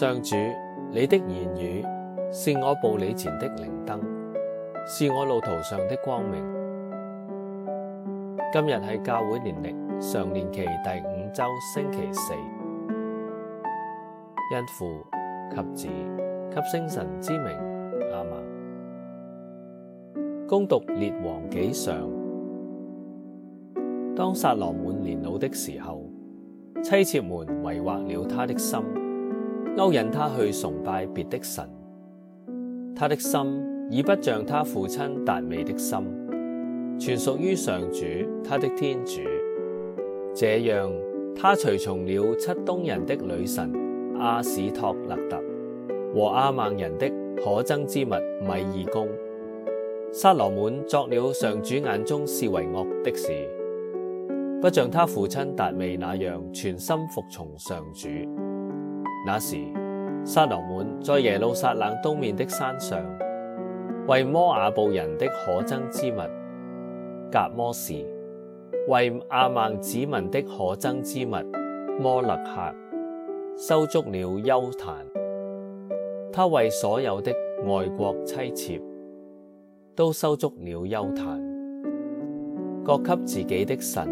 上主，你的言語是我步履前的靈燈，是我路途上的光明。今日係教會年曆上常年期第五周星期四，因父及子及聖神之名亞孟。恭讀列王紀上：當撒羅滿年老的時候，妻妾們迷惑了他的心。勾引他去崇拜別的神，他的心已不像他父親達味的心，全屬於上主他的天主。這樣，他隨從了漆冬人的女神阿巿托勒特和阿孟人的可憎之物米耳公。撒羅滿作了上主眼中視為惡的事，不像他父親達味那樣全心服從上主。那時，撒羅滿在耶路撒冷東面的山上，為摩阿布人的可憎之物革摩士，為阿孟子民的可憎之物摩肋客，修築了丘壇。他為所有的外國妻妾，都修築了丘壇，各給自己的神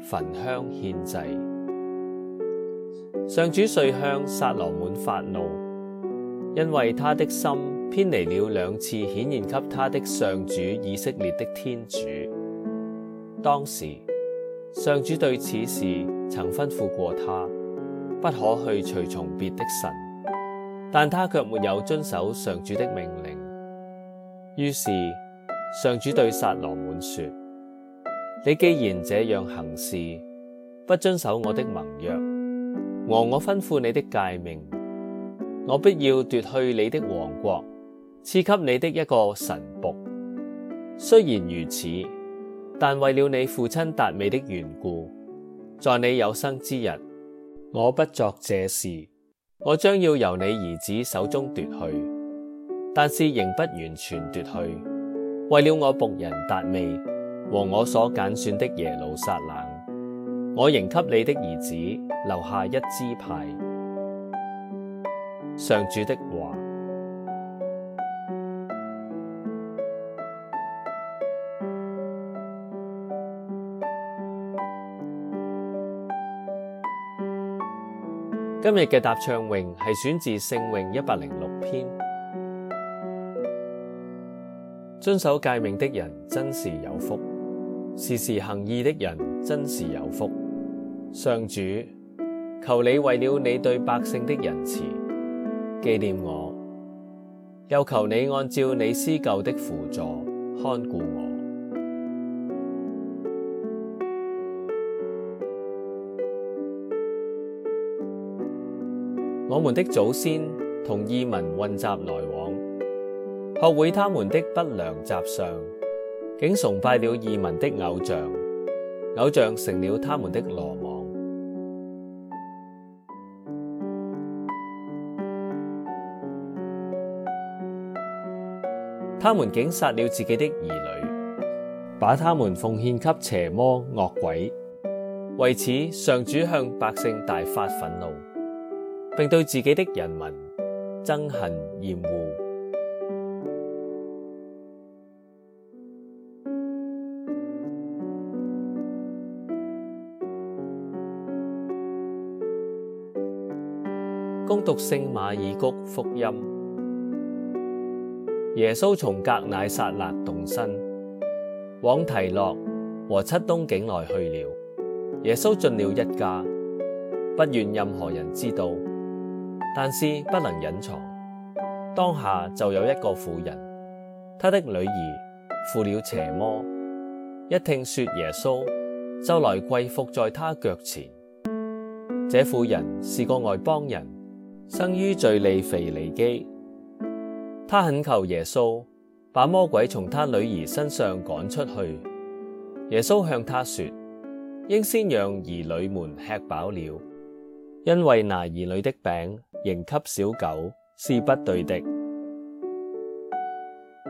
焚香獻祭。上主遂向撒羅滿發怒，因為他的心偏離了兩次顯現給他的上主以色列的天主。當時，上主對此事曾吩咐過他，不可去隨從別的神，但他卻沒有遵守上主的命令。於是，上主對撒羅滿說：你既然這樣行事，不遵守我的盟約。和我吩咐你的誡命，我必要奪去你的王國，賜給你的一個臣僕。雖然如此，但為了你父親達味的緣故，在你有生之日，我不作這事。我將要由你兒子手中奪去，但是仍不完全奪去，為了我僕人達味和我所揀選的耶路撒冷。我仍給你的兒子留下一支派。上主的話。今日嘅答唱詠係選自聖詠一百零六篇。遵守誡命的人真是有福，時時行義的人真是有福。上主，求你為了你對百姓的仁慈，紀念我，又求你按照你施救的扶助，看顧我。我們的祖先同異民混雜來往，學會他們的不良習尚，竟崇拜了異民的偶像，偶像成了他們的羅網。他們竟殺了自己的兒女，把他們奉獻給邪魔惡鬼。為此，上主向百姓大發憤怒，並對自己的人民憎恨厭惡。恭讀聖馬爾谷福音。耶穌從革乃撒勒動身，往提洛和漆冬境內去了。耶穌進了一家，不願任何人知道，但是不能隱藏。當下就有一個婦人，她的女兒附了邪魔，一聽說耶穌，就來跪伏在她腳前。這婦人是個外邦人，生於敘利腓尼基。他懇求耶穌把魔鬼從他女兒身上趕出去。耶穌向他說：應先讓兒女們吃飽了，因為拿兒女的餅扔給小狗是不對的。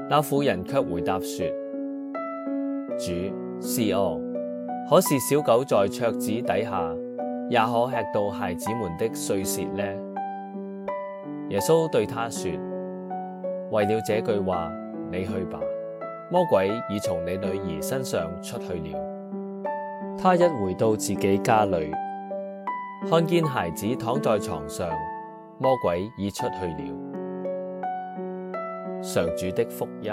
那婦人卻回答說：主，是哦，可是小狗在桌子底下也可吃到孩子們的碎屑呢。耶穌對他說。為了這句話，你去吧，魔鬼已從你女兒身上出去了。她一回到自己家裏，看見孩子躺在床上，魔鬼已出去了。上主的福音。